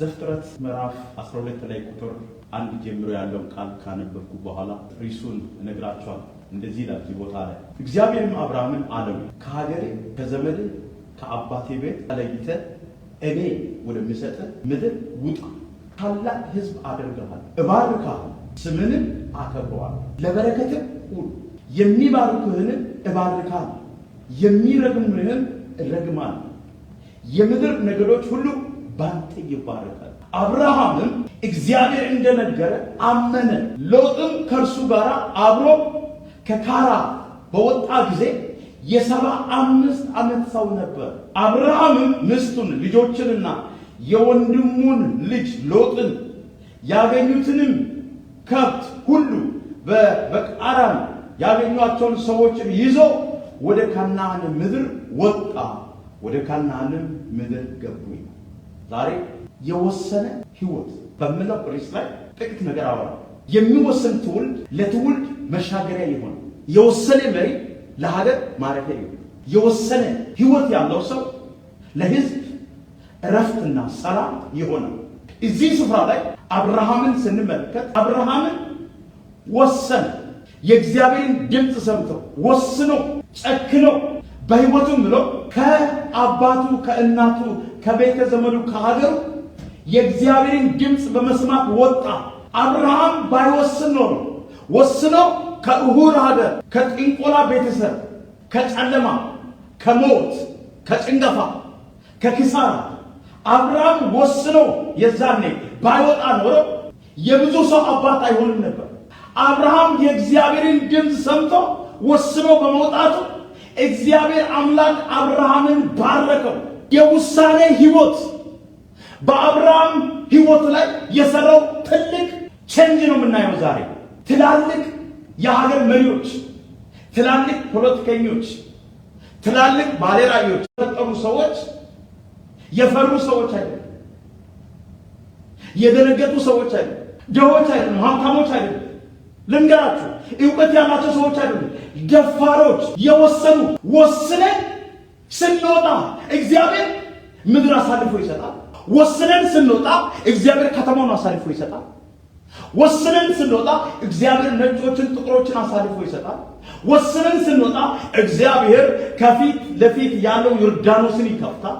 ዘፍጥረት ምዕራፍ 12 ላይ ቁጥር አንድ ጀምሮ ያለውን ቃል ካነበብኩ በኋላ ርዕሱን እነግራቸዋለሁ። እንደዚህ ይላል እዚህ ቦታ ላይ እግዚአብሔርም አብርሃምን አለው፣ ከሀገሬ ከዘመድ ከአባቴ ቤት ተለይተህ እኔ ወደምሰጥህ ምድር ውጣ፣ ታላቅ ሕዝብ አደርግሃለሁ፣ እባርክሃለሁ፣ ስምህንም አከብረዋለሁ፣ ለበረከትም ሁሉ የሚባርክህን እባርካል፣ የሚረግምህን እረግማል፣ የምድር ነገዶች ሁሉ ባንተ ይባረካል። አብርሃምም እግዚአብሔር እንደነገረ አመነ። ሎጥም ከእርሱ ጋር አብሮ ከካራ በወጣ ጊዜ የሰባ አምስት ዓመት ሰው ነበር። አብርሃምም ሚስቱን ልጆችንና የወንድሙን ልጅ ሎጥን ያገኙትንም ከብት ሁሉ በቃራን ያገኟቸውን ሰዎችን ይዘው ወደ ካናን ምድር ወጣ፣ ወደ ካናንም ምድር ገቡ። ዛሬ የወሰነ ህይወት በምለው ርዕስ ላይ ጥቂት ነገር አወራ። የሚወሰን ትውልድ ለትውልድ መሻገሪያ የሆነ የወሰነ መሪ ለሀገር ማረፊያ ይሆናል። የወሰነ ህይወት ያለው ሰው ለህዝብ እረፍትና ሰላም የሆነ እዚህ ስፍራ ላይ አብርሃምን ስንመለከት አብርሃምን ወሰነ የእግዚአብሔርን ድምፅ ሰምተው ወስኖ ጨክኖ በህይወቱም ብሎ ከአባቱ ከእናቱ ከቤተ ዘመዱ ከሀገሩ የእግዚአብሔርን ድምፅ በመስማት ወጣ። አብርሃም ባይወስን ኖሮ ወስኖ ከእሁር ሀገር ከጥንቆላ ቤተሰብ ከጨለማ ከሞት ከጭንገፋ ከኪሳራ አብርሃም ወስኖ የዛኔ ባይወጣ ኖሮ የብዙ ሰው አባት አይሆንም ነበር። አብርሃም የእግዚአብሔርን ድምፅ ሰምቶ ወስኖ በመውጣቱ እግዚአብሔር አምላክ አብርሃምን ባረከው። የውሳኔ ህይወት በአብርሃም ህይወት ላይ የሰራው ትልቅ ቼንጅ ነው የምናየው ዛሬ። ትላልቅ የሀገር መሪዎች፣ ትላልቅ ፖለቲከኞች፣ ትላልቅ ባለራዕዮች የፈጠሩ ሰዎች የፈሩ ሰዎች አይደለም። የደነገጡ ሰዎች አይደለም። ድሆች አይደለም። ሀብታሞች አይደለም። ልንገራችሁ፣ እውቀት ያላቸው ሰዎች አይደሉ፣ ደፋሮች የወሰኑ ወስነን ስንወጣ እግዚአብሔር ምድር አሳልፎ ይሰጣል። ወስነን ስንወጣ እግዚአብሔር ከተማውን አሳልፎ ይሰጣል። ወስነን ስንወጣ እግዚአብሔር ነጮችን፣ ጥቁሮችን አሳልፎ ይሰጣል። ወስነን ስንወጣ እግዚአብሔር ከፊት ለፊት ያለው ዮርዳኖስን ይከፍታል።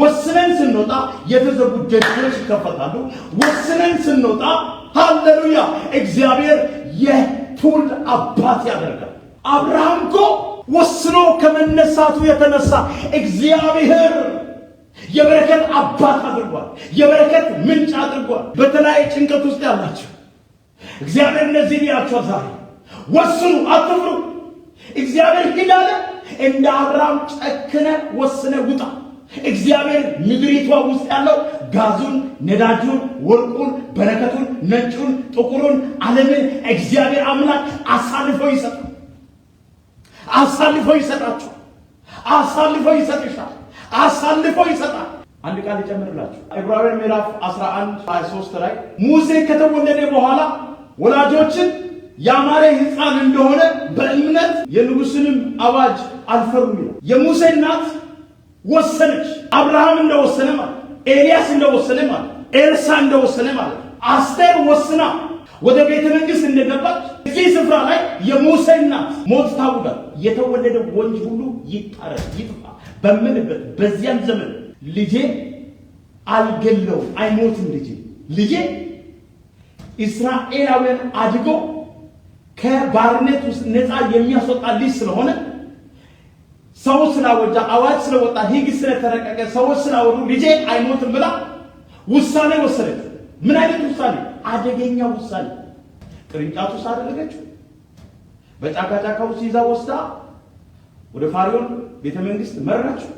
ወስነን ስንወጣ የተዘጉ ደጆች ይከፈታሉ። ወስነን ስንወጣ ሃሌሉያ እግዚአብሔር የትውልድ አባት ያደርጋል። አብርሃም እኮ ወስኖ ከመነሳቱ የተነሳ እግዚአብሔር የበረከት አባት አድርጓል። የበረከት ምንጭ አድርጓል። በተለያየ ጭንቀት ውስጥ ያላቸው እግዚአብሔር እነዚህ ያቸዋል። ዛሬ ወስኑ፣ አትፍሩ። እግዚአብሔር ሂድ አለ። እንደ አብርሃም ጨክነ ወስነ ውጣ እግዚአብሔር ምድሪቷ ውስጥ ያለው ጋዙን፣ ነዳጁን፣ ወርቁን፣ በረከቱን፣ ነጩን፣ ጥቁሩን ዓለምን እግዚአብሔር አምላክ አሳልፈው ይሰጣል። አሳልፈው ይሰጣችኋል። አሳልፎ ይሰጥሻል። አሳልፈው ይሰጣል። አንድ ቃል ልጨምርላችሁ። ዕብራውያን ምዕራፍ 11 23 ላይ ሙሴ ከተወለደ በኋላ ወላጆችን ያማረ ሕፃን እንደሆነ በእምነት የንጉሥንም አዋጅ አልፈሩም የሙሴ እናት ወሰነች። አብርሃም እንደወሰነ ማለት፣ ኤልያስ እንደወሰነ ማለት፣ ኤልሳ እንደወሰነ ማለት፣ አስቴር ወስና ወደ ቤተ መንግስት እንደገባች እዚህ ስፍራ ላይ የሙሴ እናት ሞት ታውጋል። የተወለደ ወንጅ ሁሉ ይጣረስ ይጥፋ በምንበት በዚያም ዘመን ልጄ አልገለው አይሞትም ልጄ ልጄ እስራኤላውያን አድጎ ከባርነት ውስጥ ነፃ የሚያስወጣ ልጅ ስለሆነ ሰው ስላወጃ አዋጅ ስለወጣ ህግ ስለተረቀቀ ሰዎች ስላወሩ ልጄ አይሞትም ብላ ውሳኔ ወሰደች። ምን አይነት ውሳኔ? አደገኛ ውሳኔ። ቅርንጫቱ ውስጥ አደረገችው። በጫካ ጫካ ውስጥ ይዛ ወስዳ ወደ ፋሪዮን ቤተ መንግስት መራችው።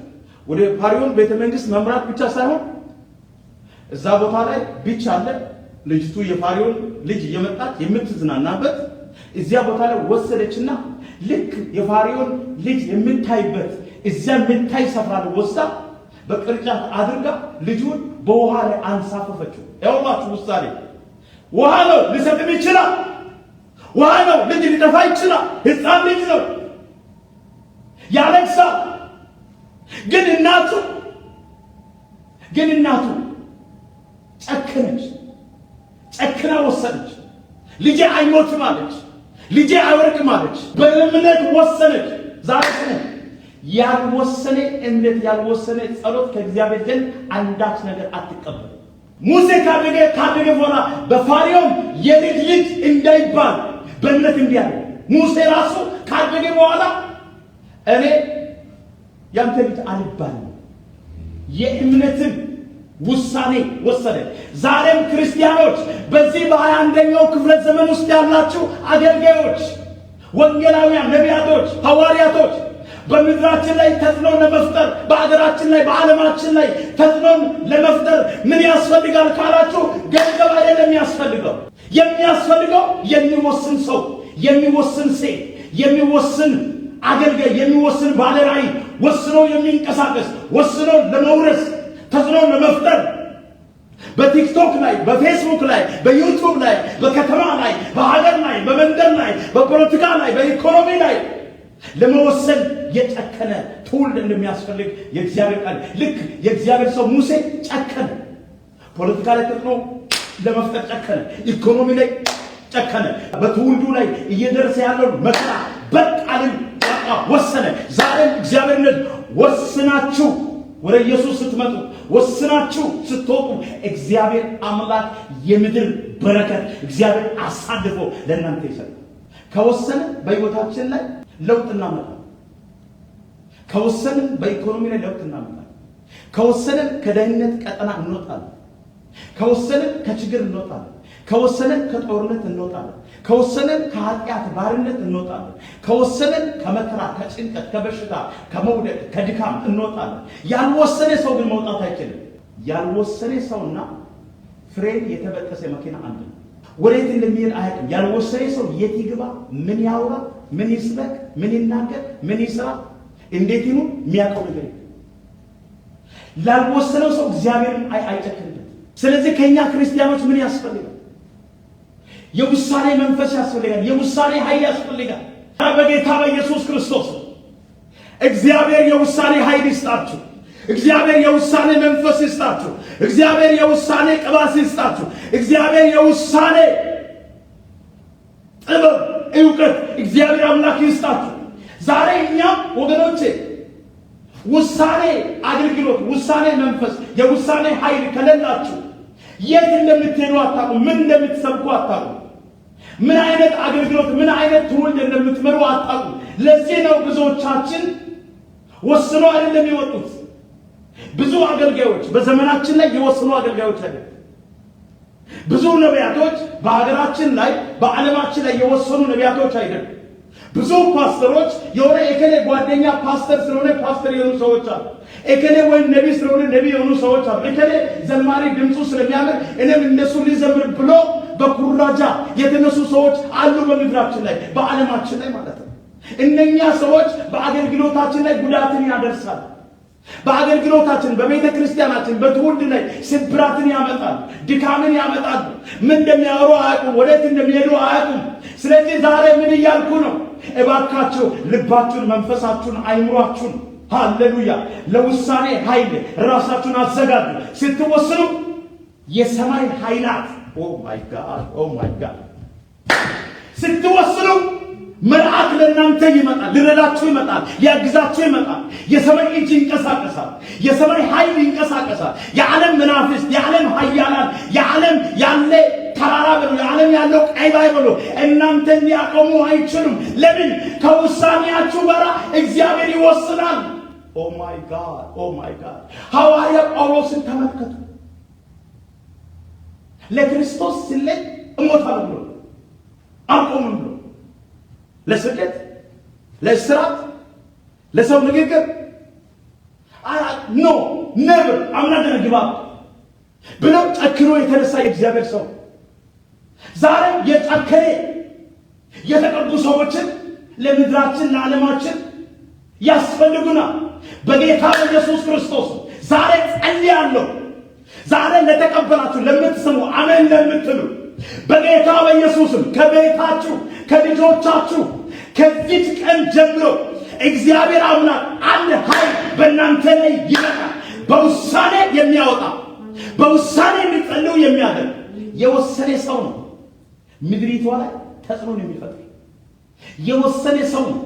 ወደ ፋሪዮን ቤተ መንግስት መምራት ብቻ ሳይሆን እዛ ቦታ ላይ ቢች አለ። ልጅቱ የፋሪዮን ልጅ እየመጣች የምትዝናናበት እዚያ ቦታ ላይ ወሰደችና ልክ የፋሪዮን ልጅ የምታይበት እዚያ የምታይ ስፍራ ነው ወስዳ በቅርጫት አድርጋ ልጁን በውሃ ላይ አንሳፈፈችው። ያውላችሁ ውሳኔ ውሃ ነው፣ ሊሰጥም ይችላል። ውሃ ነው፣ ልጅ ሊጠፋ ይችላል። ህፃን ልጅ ነው፣ ያለቅሳል። ግን እናቱ ግን እናቱ ጨክነች፣ ጨክና ወሰነች። ልጄ አይሞትም አለች። ልጄ አይወርቅም አለች። በእምነት ወሰነች። ዛሬ ስሙ፣ ያልወሰነ እምነት ያልወሰነ ጸሎት ከእግዚአብሔር ዘንድ አንዳች ነገር አትቀበል። ሙሴ ካደገ ካደገ በኋላ በፋርዖን የልጅ ልጅ እንዳይባል በእምነት እንዲህ አለ። ሙሴ ራሱ ካደገ በኋላ እኔ ያንተ ልጅ አልባል የእምነትን ውሳኔ ወሰደ። ዛሬም ክርስቲያኖች በዚህ በሀያ አንደኛው ክፍለ ዘመን ውስጥ ያላችሁ አገልጋዮች፣ ወንጌላውያን፣ ነቢያቶች፣ ሐዋርያቶች በምድራችን ላይ ተጽዕኖ ለመፍጠር በአገራችን ላይ በዓለማችን ላይ ተጽዕኖን ለመፍጠር ምን ያስፈልጋል ካላችሁ ገንዘብ አይደለም የሚያስፈልገው። የሚያስፈልገው የሚወስን ሰው፣ የሚወስን ሴት፣ የሚወስን አገልጋይ፣ የሚወስን ባለራዕይ፣ ወስኖ የሚንቀሳቀስ ወስኖ ለመውረስ ተጽዕኖን ለመፍጠር በቲክቶክ ላይ፣ በፌስቡክ ላይ፣ በዩቱብ ላይ፣ በከተማ ላይ፣ በሀገር ላይ፣ በመንደር ላይ፣ በፖለቲካ ላይ፣ በኢኮኖሚ ላይ ለመወሰን የጨከነ ትውልድ እንደሚያስፈልግ የእግዚአብሔር ቃል ልክ የእግዚአብሔር ሰው ሙሴ ጨከነ። ፖለቲካ ላይ ተጽዕኖ ለመፍጠር ጨከነ። ኢኮኖሚ ላይ ጨከነ። በትውልዱ ላይ እየደረሰ ያለውን መከራ በቃልን ወሰነ። ዛሬም እግዚአብሔርነት ወስናችሁ ወደ ኢየሱስ ስትመጡ ወስናችሁ ስትወቁ እግዚአብሔር አምላክ የምድር በረከት እግዚአብሔር አሳድፎ ለእናንተ ይሰጣል። ከወሰን በሕይወታችን ላይ ለውጥ እናመጣል ከወሰንን በኢኮኖሚ ላይ ለውጥ እናመጣል ከወሰንን ከደህንነት ቀጠና እንወጣለን። ከወሰንን ከችግር እንወጣለን። ከወሰነን ከጦርነት እንወጣለን። ከወሰነን ከኃጢአት ባርነት እንወጣለን። ከወሰነን ከመከራ፣ ከጭንቀት፣ ከበሽታ፣ ከመውደቅ፣ ከድካም እንወጣለን። ያልወሰነ ሰው ግን መውጣት አይችልም። ያልወሰነ ሰውና ፍሬን የተበጠሰ መኪና አንድ ነው። ወዴት እንደሚሄድ አያውቅም። ያልወሰነ ሰው የት ይግባ፣ ምን ያውራ፣ ምን ይስበክ፣ ምን ይናገር፣ ምን ይስራ፣ እንዴት ይኑ የሚያውቀው ነገር ላልወሰነው ሰው እግዚአብሔርን አይጨክንበት። ስለዚህ ከእኛ ክርስቲያኖች ምን ያስፈልጋል? የውሳኔ መንፈስ ያስፈልጋል። የውሳኔ ኃይል ያስፈልጋል። በጌታ በኢየሱስ ክርስቶስ እግዚአብሔር የውሳኔ ኃይል ይስጣችሁ። እግዚአብሔር የውሳኔ መንፈስ ይስጣችሁ። እግዚአብሔር የውሳኔ ቅባስ ይስጣችሁ። እግዚአብሔር የውሳኔ ጥበብ፣ እውቀት እግዚአብሔር አምላክ ይስጣችሁ። ዛሬ እኛም ወገኖቼ ውሳኔ አገልግሎት፣ ውሳኔ መንፈስ፣ የውሳኔ ኃይል ከሌላችሁ የት እንደምትሄዱ አታውቁ። ምን እንደምትሰብኩ አታውቁ። ምን አይነት አገልግሎት ምን አይነት ትውልድ እንደምትመሩ አጣቁ። ለዚህ ነው ብዙዎቻችን ወስኖ አይደለም የሚወጡት። ብዙ አገልጋዮች በዘመናችን ላይ የወስኑ አገልጋዮች አለ። ብዙ ነቢያቶች በሀገራችን ላይ በዓለማችን ላይ የወሰኑ ነቢያቶች አይደለም። ብዙ ፓስተሮች የሆነ ኤከሌ ጓደኛ ፓስተር ስለሆነ ፓስተር የሆኑ ሰዎች አሉ። ኤከሌ ወይም ነቢ ስለሆነ ነቢ የሆኑ ሰዎች አሉ። እከሌ ዘማሪ ድምፁ ስለሚያምር እኔም እነሱ ሊዘምር ብሎ በኩራጃ የተነሱ ሰዎች አሉ በምድራችን ላይ በዓለማችን ላይ ማለት ነው። እነኛ ሰዎች በአገልግሎታችን ላይ ጉዳትን ያደርሳል። በአገልግሎታችን በቤተ ክርስቲያናችን በትውልድ ላይ ስብራትን ያመጣል፣ ድካምን ያመጣል። ምን እንደሚያወሩ አያውቁም፣ ወዴት እንደሚሄዱ አያውቁም። ስለዚህ ዛሬ ምን እያልኩ ነው? እባካችሁ ልባችሁን፣ መንፈሳችሁን፣ አይምሯችሁን ሃሌሉያ ለውሳኔ ኃይል ራሳችሁን አዘጋጁ። ስትወስኑ የሰማይ ኃይላት ኦማይ ጋድ ኦማይ ጋድ ስትወስኑ መልአክ ለእናንተ ይመጣል፣ ሊረዳችሁ ይመጣል፣ ሊያግዛችሁ ይመጣል። የሰማይ እጅ ይንቀሳቀሳል፣ የሰማይ ኃይል ይንቀሳቀሳል። የዓለም መናፍስት፣ የዓለም ኃያላን፣ የዓለም ያለ ተራራ በሉ፣ የዓለም ያለው ቀይ ባይ በሉ እናንተን ሊያቆሙ አይችሉም። ለምን? ከውሳኔያችሁ ጋር እግዚአብሔር ይወስናል። ኦማይ ጋድ ኦማይ ጋድ ሐዋርያ ጳውሎስን ተመልከቱ። ለክርስቶስ ስለኝ እሞታለሁ ብሎ አልቆምም ብሎ ለስደት፣ ለእስራት፣ ለሰው ንግግር ኖ ነብር አምናደር ግባ ብለው ጨክኖ የተነሳ የእግዚአብሔር ሰው ዛሬም የጨከኔ የተቀዱ ሰዎችን ለምድራችን ለዓለማችን ያስፈልጉና በጌታ በኢየሱስ ክርስቶስ ዛሬ ጸልያለሁ። ዛሬ ለተቀበላችሁ ለምትስሙ አሜን ለምትሉ በጌታ በኢየሱስም ከቤታችሁ ከልጆቻችሁ ከዚች ቀን ጀምሮ እግዚአብሔር አምላክ አንድ ኃይል በእናንተ ላይ ይመጣል። በውሳኔ የሚያወጣ በውሳኔ የሚጸልዩ የሚያደርግ የወሰኔ ሰው ነው ምድሪቷ ላይ ተጽዕኖን የሚፈጥር የወሰኔ ሰው ነው።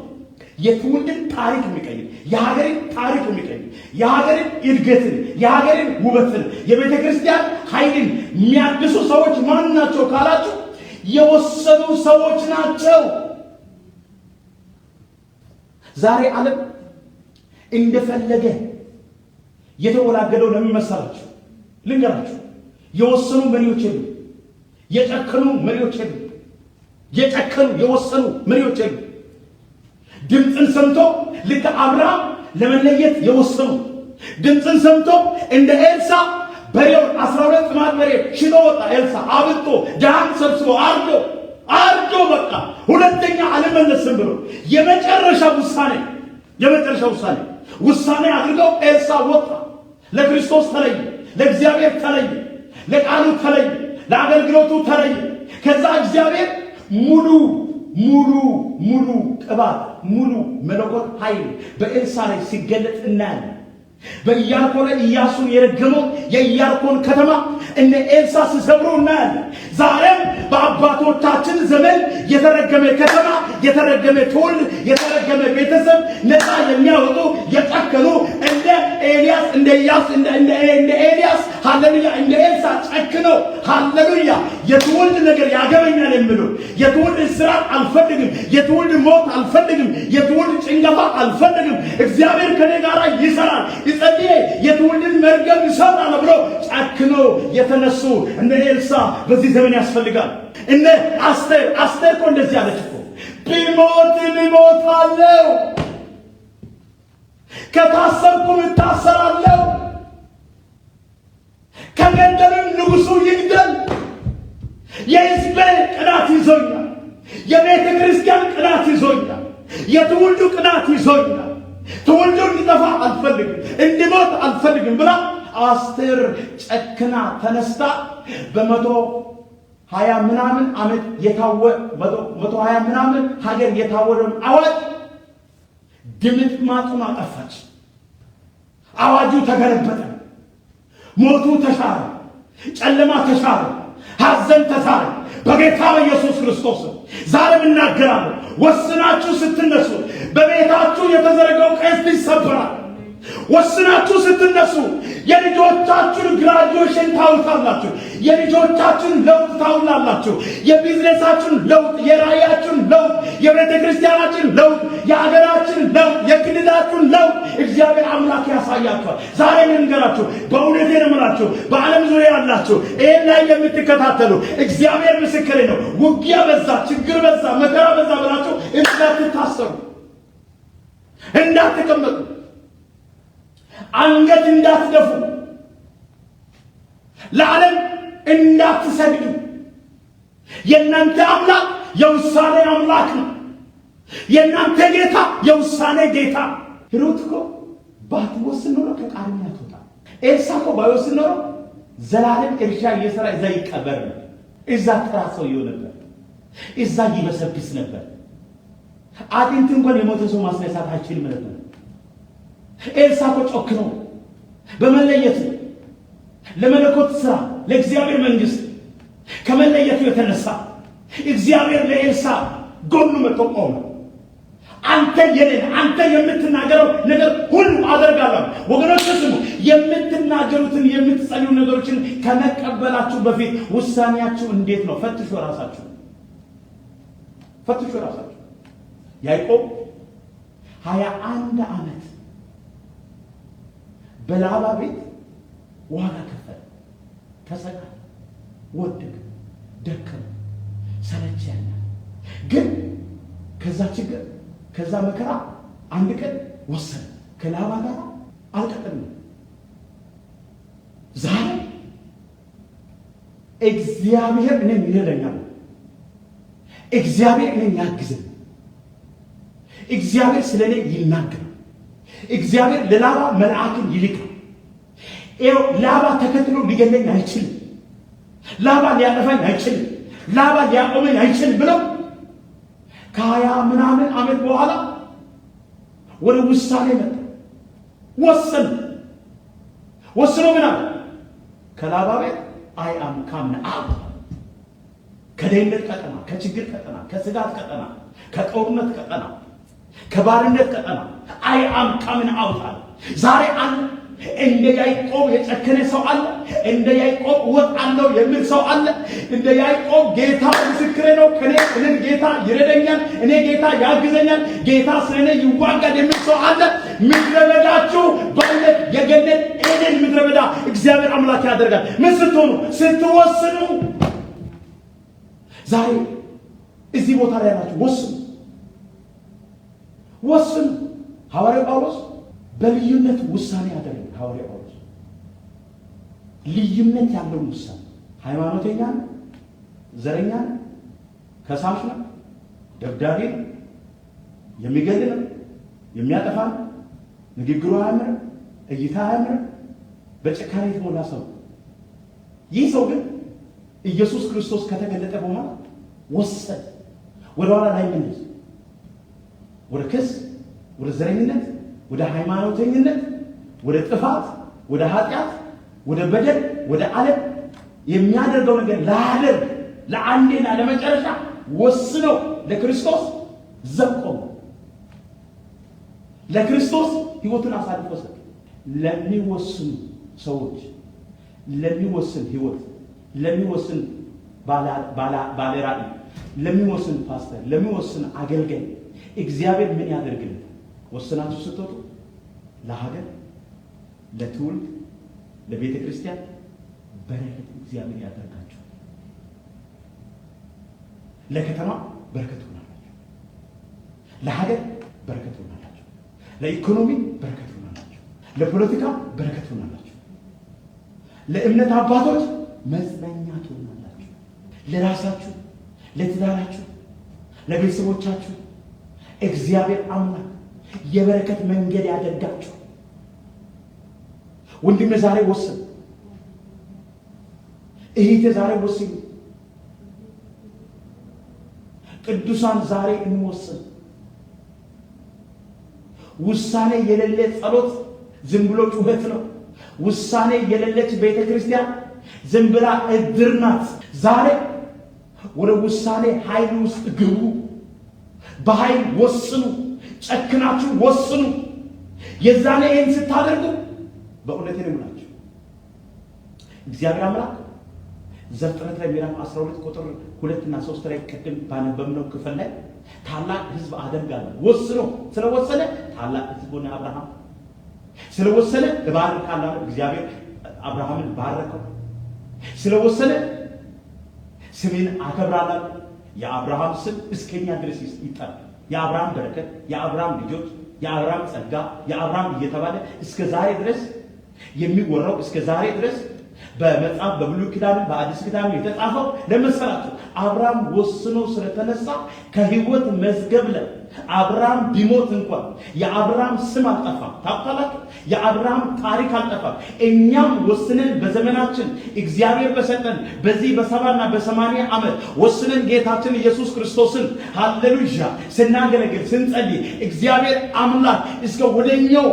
የትውልድን ታሪክ የሚቀይር የሀገርን ታሪክ የሚቀይር የሀገርን እድገትን የሀገርን ውበትን የቤተ ክርስቲያን ኃይልን የሚያድሱ ሰዎች ማን ናቸው ካላችሁ የወሰኑ ሰዎች ናቸው። ዛሬ ዓለም እንደፈለገ የተወላገደው ለምን መሰላችሁ? ልንገራችሁ። የወሰኑ መሪዎች የሉ፣ የጨከኑ መሪዎች የሉ፣ የጨከኑ የወሰኑ መሪዎች የሉ። ድምፅን ሰምቶ ልክ አብርሃም ለመለየት የወሰኑ ድምፅን ሰምቶ እንደ ኤልሳ በሬውን አስራ ሁለት ጥማድ በሬ ሽጦ ወጣ። ኤልሳ አብጦ ድሃን ሰብስቦ አርዶ አርዶ በቃ ሁለተኛ አልመለስም ብሎ የመጨረሻ ውሳኔ የመጨረሻ ውሳኔ ውሳኔ አድርገው ኤልሳ ወጣ። ለክርስቶስ ተለየ፣ ለእግዚአብሔር ተለየ፣ ለቃሉ ተለየ፣ ለአገልግሎቱ ተለየ። ከዛ እግዚአብሔር ሙሉ ሙሉ ሙሉ ቅባት ሙሉ መለኮት ኃይል በኤልሳ ላይ ሲገለጥ እናያለን። በኢያሪኮ ላይ ኢያሱን የረገመው የኢያሪኮን ከተማ እነ ኤልሳ ሲሰብሩ እናያለን። ዛሬም በአባቶቻችን ዘመን የተረገመ ከተማ የተረገመ ትውልድ የተረገመ ቤተሰብ ነፃ የሚያወጡ የጨከኑ እንደ ኤልያስ እንደ ኢያስ እንደ እንደ ኤልያስ ሃሌሉያ እንደ ኤልሳ ጨክነው ሃሌሉያ የትውልድ ነገር ያገበኛል የምሉ የትውልድ እስራት አልፈልግም፣ የትውልድ ሞት አልፈልግም፣ የትውልድ ጭንገፋ አልፈልግም። እግዚአብሔር ከኔ ጋር ይሰራል ይጸልይ የትውልድን መርገም ይሰራል ብሎ ጨክኖ የተነሱ እንደ ኤልሳ በዚህ ዘመን ያስፈልጋል። እነ አስቴር አስቴር እኮ እንደዚህ አለች። ቢሞት እሞታለሁ፣ ከታሰርኩም እታሰራለሁ፣ ከገደልም ንጉሱ ይግደል። የሕዝቤ ቅናት ይዞኛል። የቤተ ክርስቲያን ቅናት ይዞኛል። የትውልዱ ቅናት ይዞኛል። ትውልዱ እንዲጠፋ አልፈልግም፣ እንዲሞት አልፈልግም ብላ አስቴር ጨክና ተነስታ በመቶ ሀያ ምናምን ዓመት የታወ መቶ ሀያ ምናምን ሀገር የታወደውን አዋጅ ድምጥማጡን አጠፋች። አዋጁ ተገለበጠ። ሞቱ ተሻረ፣ ጨለማ ተሻረ፣ ሀዘን ተሳረ። በጌታ በኢየሱስ ክርስቶስ ዛሬም እናገራለሁ፣ ወስናችሁ ስትነሱ በቤታችሁ የተዘረጋው ቀስት ይሰበራል። ወስናችሁ ስትነሱ የልጆቻችሁን ግራጁዌሽን ታውታላችሁ፣ የልጆቻችሁን ለውጥ ታውላላችሁ፣ የቢዝነሳችሁን ለውጥ፣ የራያችሁን ለውጥ፣ የቤተ ክርስቲያናችን ለውጥ፣ የሀገራችን ለውጥ፣ የክልላችሁን ለውጥ እግዚአብሔር አምላክ ያሳያችኋል። ዛሬ ልንገራችሁ፣ በእውነቴ ነው የምላችሁ፣ በዓለም ዙሪያ ያላችሁ ይህን ላይ የምትከታተሉ እግዚአብሔር ምስክሬ ነው። ውጊያ በዛ፣ ችግር በዛ፣ መከራ በዛ ብላችሁ እንዳትታሰሩ፣ እንዳትቀመጡ አንገት እንዳትደፉ፣ ለዓለም እንዳትሰግዱ። የእናንተ አምላክ የውሳኔ አምላክ ነው። የእናንተ ጌታ የውሳኔ ጌታ። ሂሩት እኮ ባትወስን ኖሮ ከቃርሚያ ትወጣ። ኤልሳ እኮ ባይወስን ኖሮ ዘላለም እርሻ እየሰራ እዛ ይቀበር ነው። እዛ ጥራ ሰውየው ነበር። እዛ ይበሰብስ ነበር። አጥንት እንኳን የሞተ ሰው ማስነሳት አይችልም ነበር። ኤልሳ እኮ ጮክኖ በመለየቱ ለመለኮት ስራ ለእግዚአብሔር መንግስት ከመለየቱ የተነሳ እግዚአብሔር ለኤልሳ ጎኑ መጥቶ አንተ የኔን አንተ የምትናገረው ነገር ሁሉ አደርጋለሁ። ወገኖች ስሙ፣ የምትናገሩትን የምትጸልዩ ነገሮችን ከመቀበላችሁ በፊት ውሳኔያችሁ እንዴት ነው? ፈትሹ ራሳችሁ፣ ፈትሹ ራሳችሁ። ያዕቆብ ሀያ አንድ ዓመት በላባ ቤት ዋጋ ከፈለ፣ ተሰቃ ወደቀ፣ ደከመ፣ ሰለች ያለ ግን ከዛ ችግር ከዛ መከራ አንድ ቀን ወሰነ። ከላባ ጋር አልቀጠም። ዛሬ እግዚአብሔር እኔን ይረዳኛል፣ እግዚአብሔር እኔም ያግዘኝ፣ እግዚአብሔር ስለ እኔ ይናገር እግዚአብሔር ለላባ መልአክን ይልካል። ላባ ተከትሎ ሊገለኝ አይችልም፣ ላባ ሊያጠፋኝ አይችልም፣ ላባ ሊያቆመኝ አይችልም ብለው ከሀያ ምናምን ዓመት በኋላ ወደ ውሳኔ መጣ። ወሰን ወስኖ ምናምን ከላባ ቤት አይ አም ካምነ አብ ከደህንነት ቀጠና፣ ከችግር ቀጠና፣ ከስጋት ቀጠና፣ ከጦርነት ቀጠና ከባርነት ቀጠና አይ አም ቀምን አውጣል። ዛሬ አለ እንደ ያይቆብ የጨከነ ሰው አለ። እንደ ያይቆብ ወጥ አለው የሚል ሰው አለ። እንደ ያይቆብ ጌታ ምስክሬ ነው፣ ከኔ እኔን ጌታ ይረደኛል፣ እኔ ጌታ ያግዘኛል፣ ጌታ ስለኔ ይዋጋል የሚል ሰው አለ። ምድረ በዳችሁ ባለት የገነት ኤደን ምድረ በዳ እግዚአብሔር አምላክ ያደርጋል። ምን ስትሆኑ? ስትወስኑ። ዛሬ እዚህ ቦታ ላይ ያላችሁ ወስኑ። ወስኑ። ሐዋርያው ጳውሎስ በልዩነት ውሳኔ ያደረገ ሐዋርያው ጳውሎስ ልዩነት ያለውን ውሳኔ ሃይማኖተኛ ነው፣ ዘረኛ ነው፣ ከሳሽ ነው፣ ደብዳቤ ነው፣ የሚገድል ነው፣ የሚያጠፋ ነው፣ ንግግሩ አያምርም፣ እይታ አያምርም፣ በጭካኔ የተሞላ ሰው። ይህ ሰው ግን ኢየሱስ ክርስቶስ ከተገለጠ በኋላ ወሰን ወደኋላ ላይ መለስ ወደ ክስ፣ ወደ ዘረኝነት፣ ወደ ሃይማኖተኝነት፣ ወደ ጥፋት፣ ወደ ኃጢአት፣ ወደ በደል፣ ወደ ዓለም የሚያደርገው ነገር ላያደርግ ለአንዴና ለመጨረሻ ወስነው ለክርስቶስ ዘቆሙ ለክርስቶስ ህይወቱን አሳልፎ ሰጥ ለሚወስኑ ሰዎች ለሚወስን ህይወት ለሚወስን ባለ ለሚወስን ፓስተር ለሚወስን አገልጋይ እግዚአብሔር ምን ያደርግልን? ወስናችሁ ስትወጡ ለሀገር፣ ለትውልድ፣ ለቤተ ክርስቲያን በረከት እግዚአብሔር ያደርጋችኋል። ለከተማ በረከት ሆናላችሁ፣ ለሀገር በረከት ሆናላችሁ፣ ለኢኮኖሚ በረከት ሆናላችሁ፣ ለፖለቲካ በረከት ሆናላችሁ፣ ለእምነት አባቶች መጽናኛ ትሆናላችሁ፣ ለራሳችሁ፣ ለትዳራችሁ፣ ለቤተሰቦቻችሁ እግዚአብሔር አምላክ የበረከት መንገድ ያደርጋችሁ። ወንድም ዛሬ ወስን፣ እህቴ ዛሬ ወስኝ። ቅዱሳን ዛሬ እንወስን። ውሳኔ የሌለ ጸሎት ዝም ብሎ ጩኸት ነው። ውሳኔ የሌለች ቤተ ክርስቲያን ዝም ብላ እድር ናት። ዛሬ ወደ ውሳኔ ኃይል ውስጥ ግቡ። በኃይል ወስኑ፣ ጨክናችሁ ወስኑ። የዛን ይህን ስታደርጉ በእውነት ነው ምላችሁ እግዚአብሔር አምላክ ዘፍጥረት ላይ ምዕራፍ 12 ቁጥር ሁለት እና ሶስት ላይ ቅድም ባነበብነው ክፍል ላይ ታላቅ አደም አደርጋለሁ ወስኖ ስለወሰነ ታላቅ ህዝብ ሆነ። አብርሃም ስለወሰነ እባርካለሁ እግዚአብሔር አብርሃምን ባረከው። ስለወሰነ ስሜን አከብራለሁ የአብርሃም ስም እስከኛ ድረስ ይጠራል። የአብርሃም በረከት፣ የአብርሃም ልጆች፣ የአብርሃም ጸጋ፣ የአብርሃም እየተባለ እስከ ዛሬ ድረስ የሚወራው እስከ ዛሬ ድረስ በመጽሐፍ በብሉይ ኪዳን በአዲስ ኪዳን የተጻፈው ለመሰራቱ አብርሃም ወስኖ ስለተነሳ ከህይወት መዝገብ ላይ አብርሃም ቢሞት እንኳን የአብርሃም ስም አልጠፋም። ታውቃላችሁ፣ የአብርሃም ታሪክ አልጠፋም። እኛም ወስነን በዘመናችን እግዚአብሔር በሰጠን በዚህ በሰባና በሰማንያ ዓመት ወስነን ጌታችን ኢየሱስ ክርስቶስን ሃሌሉያ ስናገለግል ስንጸልይ እግዚአብሔር አምላክ እስከ ወደኛው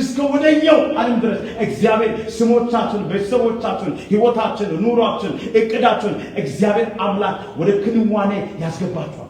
እስከ ወደኛው ዓለም ድረስ እግዚአብሔር ስሞቻችን፣ ቤተሰቦቻችን፣ ህይወታችን፣ ኑሯችን፣ እቅዳችን እግዚአብሔር አምላክ ወደ ክንዋኔ ያስገባቸዋል።